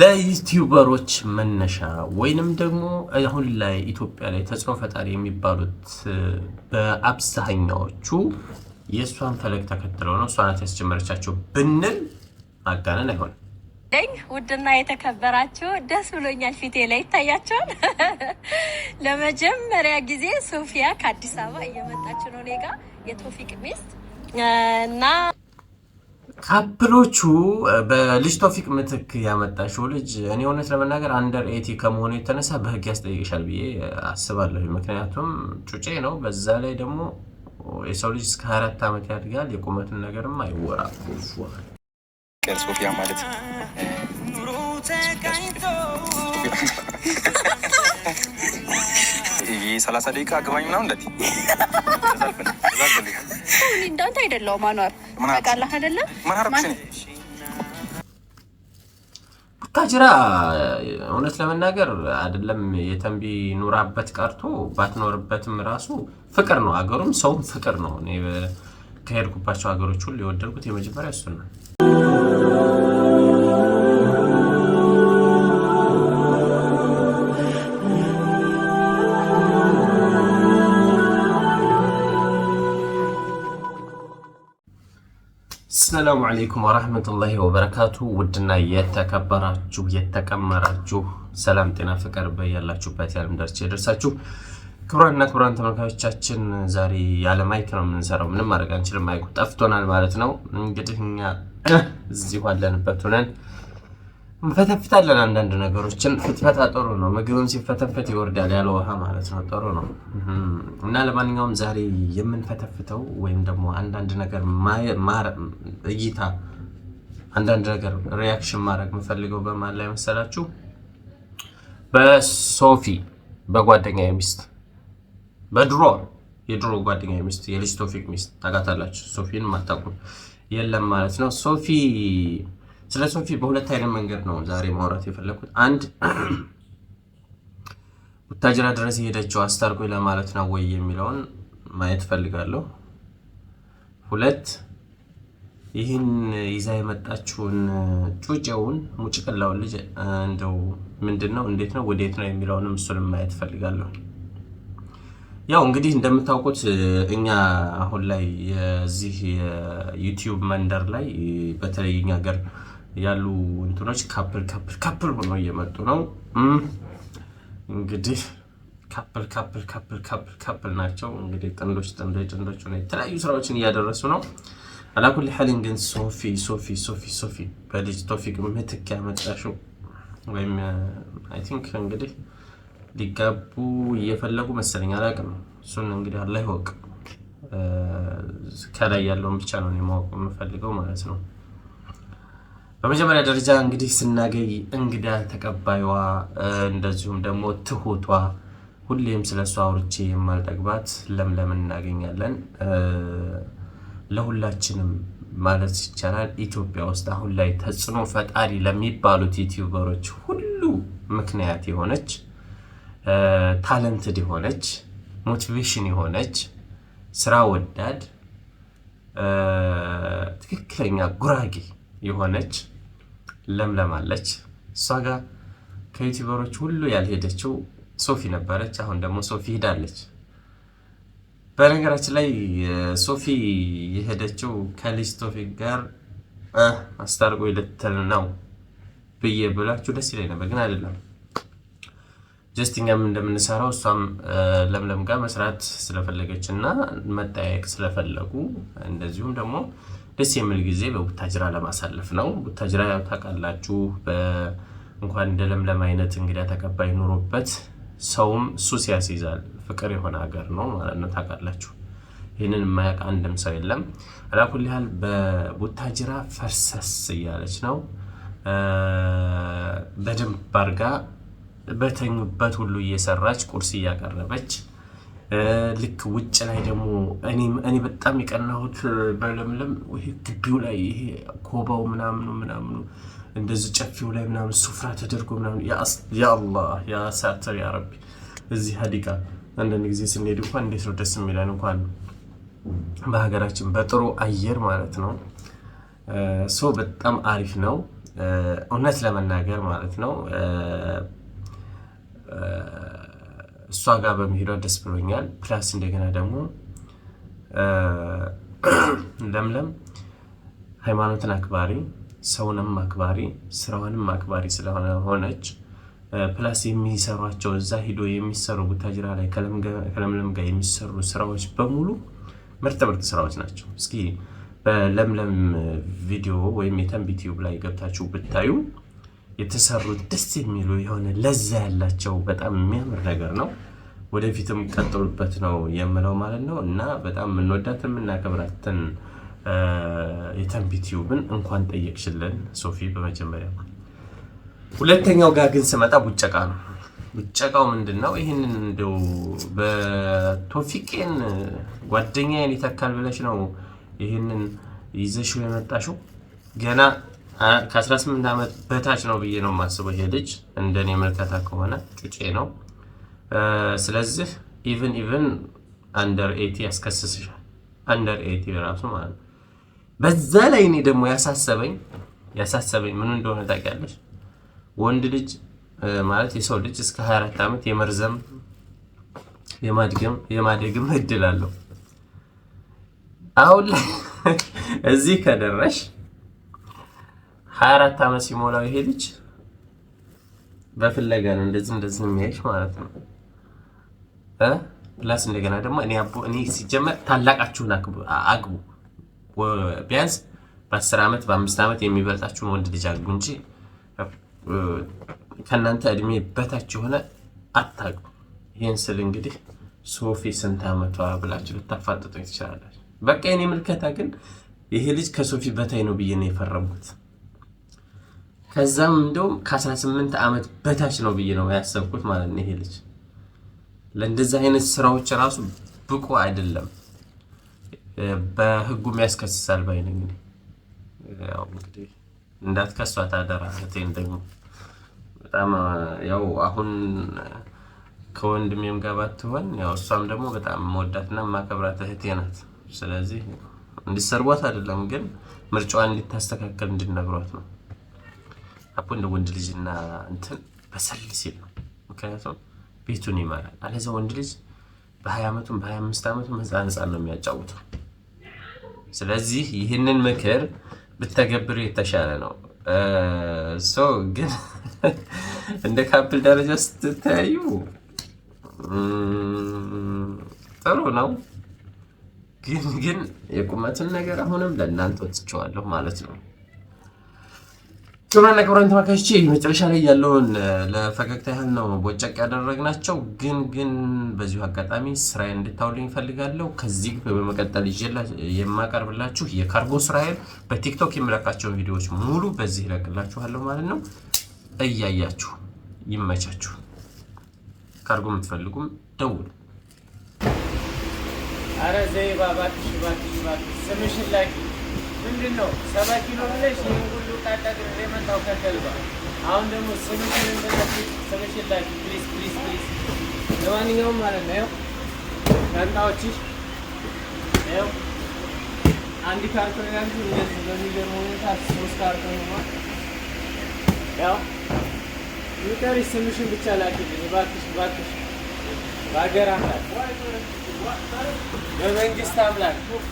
ለዩቲዩበሮች መነሻ ወይንም ደግሞ አሁን ላይ ኢትዮጵያ ላይ ተጽዕኖ ፈጣሪ የሚባሉት በአብዛኛዎቹ የእሷን ፈለግ ተከትለው ነው እሷ ናት ያስጀመረቻቸው ብንል ማጋነን አይሆንም። ውድና የተከበራችሁ ደስ ብሎኛል። ፊቴ ላይ ይታያቸዋል። ለመጀመሪያ ጊዜ ሶፊያ ከአዲስ አበባ እየመጣች ነው እኔ ጋ የቶፊቅ ሚስት እና ካፕሎቹ በልጅ ቶፊቅ ምትክ ያመጣችው ልጅ እኔ እውነት ለመናገር አንደር ኤቲ ከመሆኑ የተነሳ በህግ ያስጠይቅሻል ብዬ አስባለሁ። ምክንያቱም ጩጬ ነው። በዛ ላይ ደግሞ የሰው ልጅ እስከ አራት ዓመት ያድጋል። የቁመትን ነገርም አይወራ ሶፊያ ማለት ሰላሳ ደቂቃ አገባኝ ምናምን እንዳንተ አይደለውም አኗር ቡታጅራ እውነት ለመናገር አይደለም የተንቢ ኑራበት ቀርቶ ባትኖርበትም ራሱ ፍቅር ነው። አገሩም ሰውም ፍቅር ነው። ከሄድኩባቸው ሀገሮች ሁሉ የወደድኩት የመጀመሪያ እሱ ነው። አሰላሙ አለይኩም ወረህመቱላሂ ወበረካቱ። ውድና የተከበራችሁ የተቀመራችሁ ሰላም፣ ጤና፣ ፍቅር በያላችሁበት የዓለም ዳርቻ የደርሳችሁ ክቡራንና ክቡራን ተመልካቾቻችን ዛሬ ያለ ማይክ ነው የምንሰራው። ምንም ማድረግ አንችልም። ማይኩ ጠፍቶናል ማለት ነው። እንግዲህ እኛ እዚሁ አለንበት ሆነን እንፈተፍታለን አንዳንድ ነገሮችን። ፍትፈታ ጥሩ ነው። ምግብም ሲፈተፈት ይወርዳል ያለ ውሃ ማለት ነው። ጥሩ ነው እና ለማንኛውም ዛሬ የምንፈተፍተው ወይም ደግሞ አንዳንድ ነገር እይታ፣ አንዳንድ ነገር ሪያክሽን ማድረግ የምፈልገው በማን ላይ መሰላችሁ? በሶፊ በጓደኛ ሚስት፣ በድሮ የድሮ ጓደኛ ሚስት፣ የልጅ ቶፊቅ ሚስት ታውቃታላችሁ። ሶፊን ማታውቁ የለም ማለት ነው ሶፊ ስለ ሶፊ በሁለት አይነት መንገድ ነው ዛሬ ማውራት የፈለግኩት። አንድ ቡታጅራ ድረስ የሄደችው አስታርቆኝ ለማለት ነው ወይ የሚለውን ማየት ፈልጋለሁ። ሁለት ይህን ይዛ የመጣችውን ጩጨውን ሙጭቅላውን ልጅ እንደው ምንድን ነው እንዴት ነው ወዴት ነው የሚለውንም እሱንም ማየት ፈልጋለሁ። ያው እንግዲህ እንደምታውቁት እኛ አሁን ላይ የዚህ የዩቲዩብ መንደር ላይ በተለይ እኛ ሀገር ያሉ እንትኖች ካፕል ካፕል ካፕል ሆነው እየመጡ ነው። እንግዲህ ካፕል ካፕል ካፕል ካፕል ካፕል ናቸው። እንግዲህ ጥንዶች ጥንዶች ጥንዶች ሆነ የተለያዩ ስራዎችን እያደረሱ ነው። አላኩል ሀሊን ግን ሶፊ ሶፊ ሶፊ ሶፊ በልጅ ቶፊቅ ምትክ ያመጣሽው ወይም አይ ቲንክ እንግዲህ ሊጋቡ እየፈለጉ መሰለኝ አላውቅም። እሱን እንግዲህ አላህ ይወቅ። ከላይ ያለውን ብቻ ነው ማወቅ የምፈልገው ማለት ነው። በመጀመሪያ ደረጃ እንግዲህ ስናገኝ እንግዳ ተቀባይዋ እንደዚሁም ደግሞ ትሁቷ ሁሌም ስለ እሷ አውርቼ የማልጠግባት ለምለም እናገኛለን። ለሁላችንም ማለት ይቻላል ኢትዮጵያ ውስጥ አሁን ላይ ተጽዕኖ ፈጣሪ ለሚባሉት ዩቲዩበሮች ሁሉ ምክንያት የሆነች ታለንትድ የሆነች ሞቲቬሽን የሆነች ስራ ወዳድ ትክክለኛ ጉራጌ የሆነች ለምለም አለች። እሷ ጋር ከዩቲበሮች ሁሉ ያልሄደችው ሶፊ ነበረች። አሁን ደግሞ ሶፊ ሄዳለች። በነገራችን ላይ ሶፊ የሄደችው ከልጅ ቶፊቅ ጋር አስታርቆ ልትል ነው ብዬ ብላችሁ ደስ ይለኝ ነበር፣ ግን አይደለም ጀስቲንጋም እንደምንሰራው እሷም ለምለም ጋር መስራት ስለፈለገች እና መጠያየቅ ስለፈለጉ እንደዚሁም ደግሞ ደስ የሚል ጊዜ በቡታጅራ ለማሳለፍ ነው። ቡታጅራ ታውቃላችሁ፣ እንኳን እንደ ለምለም አይነት እንግዳ ተቀባይ ኑሮበት ሰውም ሱስ ያስይዛል። ፍቅር የሆነ ሀገር ነው ማለት ነው። ታውቃላችሁ፣ ይህንን የማያውቅ አንድም ሰው የለም። አላኩል ያህል በቡታጅራ ፈርሰስ እያለች ነው በደንብ ባርጋ በተኙበት ሁሉ እየሰራች ቁርስ እያቀረበች ልክ ውጭ ላይ ደግሞ እኔ በጣም የቀናሁት በለምለም ይሄ ግቢው ላይ ይሄ ኮባው ምናምኑ ምናምኑ እንደዚህ ጨፊው ላይ ምናምን ሱፍራ ተደርጎ ምናምን ያአላህ ያሳተር ያረቢ እዚህ ሀዲቃ አንዳንድ ጊዜ ስንሄድ እንኳን እንዴት ነው ደስ የሚለን እንኳን በሀገራችን በጥሩ አየር ማለት ነው። ሶ በጣም አሪፍ ነው እውነት ለመናገር ማለት ነው። እሷ ጋር በመሄዷ ደስ ብሎኛል። ፕላስ እንደገና ደግሞ ለምለም ሃይማኖትን አክባሪ፣ ሰውንም አክባሪ፣ ስራዋንም አክባሪ ስለሆነች ፕላስ የሚሰሯቸው እዛ ሂዶ የሚሰሩ ቡታጅራ ላይ ከለምለም ጋር የሚሰሩ ስራዎች በሙሉ ምርጥ ምርጥ ስራዎች ናቸው። እስኪ በለምለም ቪዲዮ ወይም የተንቢት ዩብ ላይ ገብታችሁ ብታዩ የተሰሩት ደስ የሚሉ የሆነ ለዛ ያላቸው በጣም የሚያምር ነገር ነው። ወደፊትም ቀጥሉበት ነው የምለው ማለት ነው እና በጣም የምንወዳት የምናከብራትን የተንቢ ቲዩብን እንኳን ጠየቅሽልን ሶፊ። በመጀመሪያ ሁለተኛው ጋር ግን ስመጣ ቡጨቃ ነው። ቡጨቃው ምንድን ነው? ይህንን እንደው በቶፊቄን ጓደኛዬን ይተካል ብለሽ ነው ይህንን ይዘሽው የመጣሽው ገና ከ18 ዓመት በታች ነው ብዬ ነው የማስበው። ይሄ ልጅ እንደኔ ምልከታ ከሆነ ጩጬ ነው። ስለዚህ ኢቭን ኢቭን አንደር ኤቲ ያስከስስሻል። አንደር ኤቲ ራሱ ማለት ነው። በዛ ላይ እኔ ደግሞ ያሳሰበኝ ያሳሰበኝ ምን እንደሆነ ታውቂያለሽ? ወንድ ልጅ ማለት የሰው ልጅ እስከ 24 ዓመት የመርዘም የማድገም የማደግም እድል አለው። አሁን ላይ እዚህ ከደረሽ 24 አመት ሲሞላው ይሄ ልጅ በፍለጋ ነው እንደዚህ እንደዚህ የሚያይሽ ማለት ነው እ ፕላስ እንደገና ደግሞ እኔ አቦ እኔ ሲጀመር ታላቃችሁን አግቡ። ቢያንስ በ10 ዓመት በ5 ዓመት የሚበልጣችሁን ወንድ ልጅ አግቡ እንጂ ከእናንተ እድሜ በታች የሆነ አታግቡ። ይህን ስል እንግዲህ ሶፊ ስንት ዓመቷ ብላችሁ ልታፋጥጡኝ ትችላላችሁ። በቃ የኔ ምልከታ ግን ይሄ ልጅ ከሶፊ በታይ ነው ብዬ ነው የፈረምኩት። ከዛም እንደውም ከ18 ዓመት በታች ነው ብዬ ነው ያሰብኩት ማለት ነው። ይሄ ልጅ ለእንደዚህ አይነት ስራዎች ራሱ ብቁ አይደለም፣ በህጉም ያስከስሳል ባይ ነኝ። እንግዲህ እንዳትከሷት አደራ እህቴን። ደግሞ በጣም ያው አሁን ከወንድሜም ጋር ባትሆን ያው እሷም ደግሞ በጣም መወዳትና ማከብራት እህቴ ናት። ስለዚህ እንዲሰርቧት አይደለም ግን ምርጫዋን እንዲታስተካከል እንድነግሯት ነው። አቦ እንደ ወንድ እና እንትን በሰል ሲል ነው። ምክንያቱም ቤቱን ይመራል። አለዚ ወንድ ልጅ በሀያ ዓመቱም በሀያ አምስት ዓመቱም ህፃን ህፃን ነው የሚያጫውተው። ስለዚህ ይህንን ምክር ብተገብሩ የተሻለ ነው። ግን እንደ ካፕል ደረጃ ስትተያዩ ጥሩ ነው። ግን ግን የቁመትን ነገር አሁንም ለእናንተ ወጥቼዋለሁ ማለት ነው። ክብራን ክብራን ተመልካቾች መጨረሻ ላይ ያለውን ለፈገግታ ያህል ነው ቦጨቅ ያደረግናቸው። ግን ግን በዚሁ አጋጣሚ ስራ እንድታውልኝ እፈልጋለሁ። ከዚህ በመቀጠል የማቀርብላችሁ የካርጎ ስራዬን በቲክቶክ የምለቃቸውን ቪዲዮዎች ሙሉ በዚህ እለቅላችኋለሁ ማለት ነው። እያያችሁ ይመቻችሁ። ካርጎ የምትፈልጉም ደውሉ። አረ ዘይ ባባትሽ ባትሽ ባትሽ ስምሽን ላኪ ምንድን ነው ሰባ ኪሎ ብለሽ አቃቅር የመጣው ከከልባ አሁን ደግሞ ሶሉሽን እንደዚህ ሰለሽላችሁ ፕሊዝ ፕሊዝ ፕሊዝ። ለማንኛውም ማለት ነው ሻንጣዎች ነው አንድ ካርቶን ያንዱ እንደዚህ በሚገርም ሁኔታ ሶስት ካርቶን ነው ያው ሚቀሪ ሶሉሽን ብቻ ላክልኝ እባክሽ እባክሽ። በሀገር አምላክ በመንግስት አምላክ